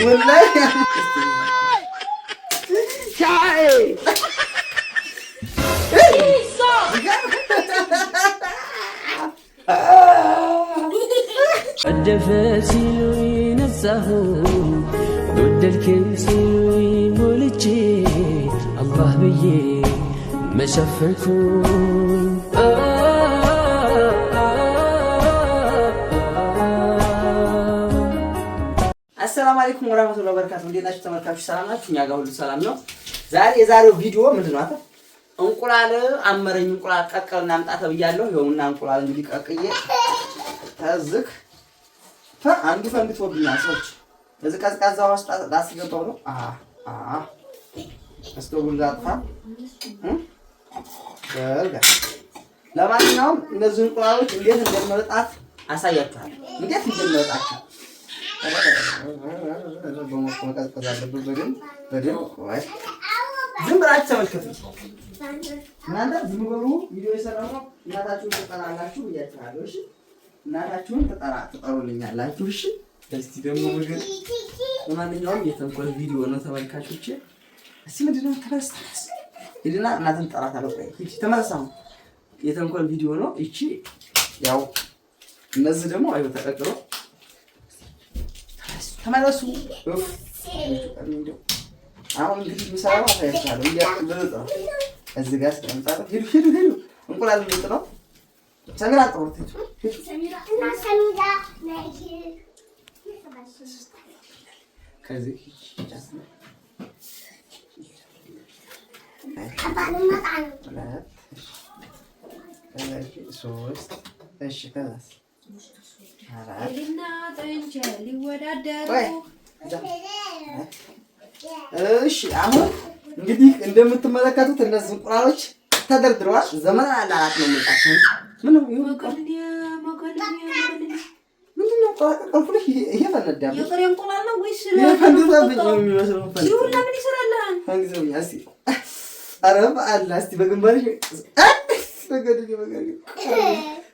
والله يا شعري الدفاتيل ينزه ضد الكيسيل يمولجي الله بيه ما شافكم አለይኩም ወራህመቱላሂ ወበረካቱ። እንዴት ናችሁ ተመልካችሁ? ሰላም ናችሁ? እኛ ጋር ሁሉ ሰላም ነው። ዛሬ የዛሬው ቪዲዮ ምንድን ነው? አተፍ እንቁላል አመረኝ። እንቁላል ቀቀል እናምጣ ተብያለሁ። ይኸውና እንቁላል እንግዲህ ቀቅዬ ተዝክ አንዱ ፈንግቶብኛል። ሰዎች እዚህ ቀዝቃዛ ውስጥ ላስገባው ነው። እስቶቡን ላጥፋ። ለማንኛውም እነዚህ እንቁላሎች እንዴት እንደመጣት አሳያችኋለሁ። እንዴት እንደመጣችሁ መቀዝቀዝ አለበት። በደምብ በደምብ ዝም ብላችሁ ተመልከቱ። እናንተ ዝም በሉ። ቪዲዮ የሰራው እናታችሁን ትጠራላችሁ ብያችኋለሁ። እሺ እናታችሁን ትጠራ ትጠሩልኛላችሁ። እሺ እስቲ ደግሞ ምግብ ለማንኛውም የተንኮል ቪዲዮ ነው ተመልካቾች እስቲ ምንድነው ተረስ ተረስ ሂድና እናትን ጠራት አለው። ቆይ እቺ ተመለሳ የተንኮል ቪዲዮ ነው። እቺ ያው እነዚህ ደግሞ አይው ተቀጥሎ ተመለሱ። አሁን እንግዲህ ምሳሌ አሳያችኋለሁ። እንዲያልጥ ነው። እዚህ ጋር ስቀምጣለሁ። ሂዱ ሂዱ ሂዱ። እንቁላል ልጥ ነው። ሰሚራ ጥሩት። ሶስት እሺ ከዛስ ቴዲና ጥንቸ እሺ አሁን እንግዲህ እንደምትመለከቱት እነዚህ እንቁላሎች ተደርድረዋል። ዘመን አላላት ነው የምልጣቸው። ምንም ምንድነው ቀልፉልሽ። ይሄ ፈነዳ እንቁላል ነው የሚመስለው ለምን ይሰራልሃል? ኧረ በአላህ እስኪ በግንባርሽ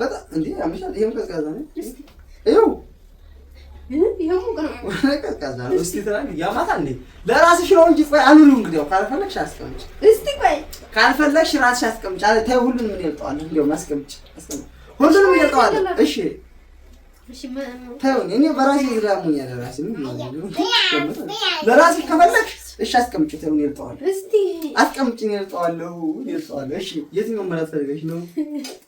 በጣም እንዴ ያምሻል። ይሄም ለራስሽ ነው እንጂ ቆይ አኑሪው። እንግዲያው ካልፈለግሽ አስቀምጪ። እስቲ ቆይ ካልፈለግሽ ራስሽ አስቀምጪ። አለ ተይው። ሁሉንም ምን ይልጠዋል? እንዲያውም አስቀምጪ፣ አስቀምጪ። ሁሉንም ይልጠዋል። እሺ ተይው። እኔ በራሴ ይላሙኛል። ለራሴ ለራሴ ከፈለግሽ እሺ አስቀምጪ። ተይው፣ ይልጠዋል። እስቲ አስቀምጪ። ይልጠዋለሁ፣ ይልጠዋለሁ። እሺ የትኛው መላት ፈልገሽ ነው?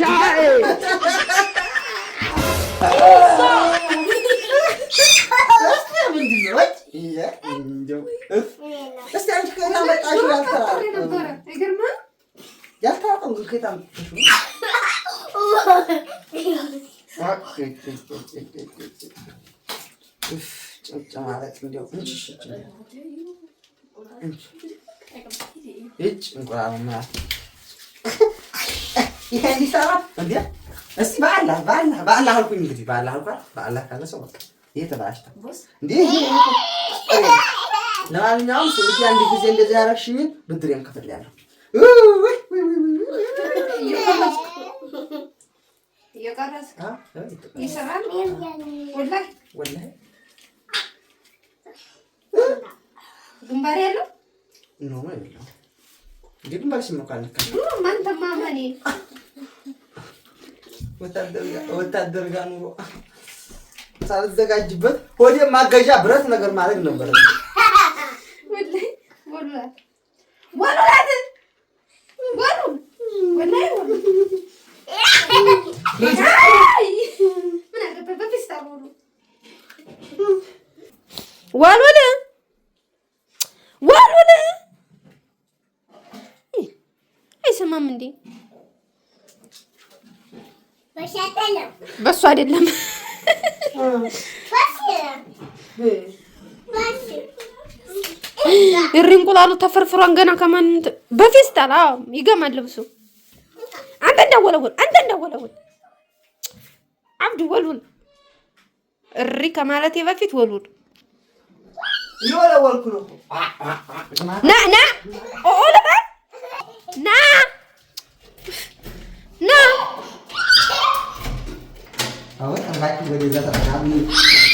Çay! Iya, injo. Terus kan juga sampai kasih rata. Eger mah? Ya tahu kan gue kita. Oke, oke, oke, oke, oke. Uf, çok cemalet mi diyor? Hiç, hiç, hiç. Hiç, hiç. Hiç, hiç. ይሄ እንዲሰራ እንዴ? እስቲ በአላህ በአላህ በአላህ አልኩኝ። እንግዲህ በአላህ አልኩ በአላህ ካለ ሰው በቃ ይሄ ተበላሽታ እንዴ? ለማንኛውም እንግዲህ አንድ ጊዜ እንደዚህ ያረሽኝ ብድሬን ከፍላለሁ። ግንባር ያለው ኖ ማለት ነው። ግንባር ሲሞካል ወታደር ጋ ኑሮ ሳልዘጋጅበት ወደ ማገዣ ብረት ነገር ማድረግ ነበር። ወሉን ወሉን አይሰማም እንዴ? በሱ አይደለም እሪ እንቁላሉ ተፈርፍሯን ገና ከማን በፌስታል ይገማል ልብሱ። አንተ እንዳወለውል አንተ እንዳወለውል አብዱ ወልውል እሪ ከማለቴ በፊት ወልውል ና ና ኦኦ ና लगे ज़्यादा खराब नहीं